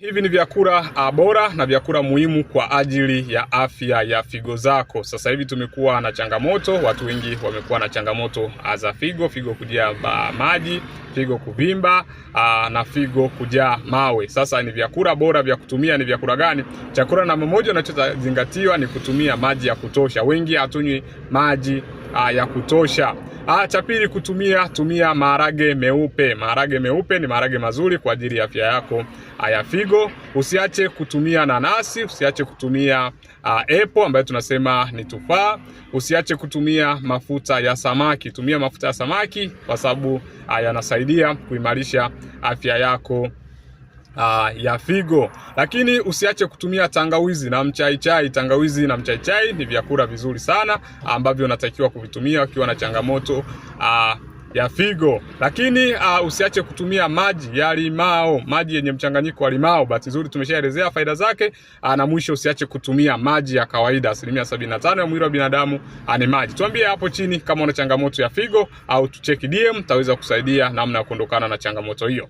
Hivi ni vyakula ah, bora na vyakula muhimu kwa ajili ya afya ya figo zako. Sasa hivi tumekuwa na changamoto, watu wengi wamekuwa na changamoto ah, za figo, figo kujaa ah, maji, figo kuvimba na figo kujaa mawe. Sasa ni vyakula bora vya kutumia ni vyakula gani? Chakula namba moja unachozingatiwa ni kutumia maji ya kutosha. Wengi hatunywi maji ya kutosha. Ah, cha pili kutumia tumia maharage meupe. Maharage meupe ni maharage mazuri kwa ajili ya afya yako ya figo. Usiache kutumia nanasi, usiache kutumia uh, ah, epo ambayo tunasema ni tufaa. Usiache kutumia mafuta ya samaki. Tumia mafuta ya samaki kwa sababu uh, yanasaidia kuimarisha afya yako aa, ah, ya figo. Lakini usiache kutumia tangawizi na mchai chai. Tangawizi na mchai chai ni vyakula vizuri sana ambavyo unatakiwa kuvitumia ukiwa na changamoto aa, ah, ya figo. Lakini uh, usiache kutumia maji ya limao, maji yenye mchanganyiko wa limao. Bahati nzuri tumeshaelezea faida zake. Uh, na mwisho usiache kutumia maji ya kawaida. Asilimia 75 ya mwili wa binadamu ni maji. Tuambie hapo chini kama una changamoto ya figo au tucheki DM, taweza kusaidia namna ya kuondokana na changamoto hiyo.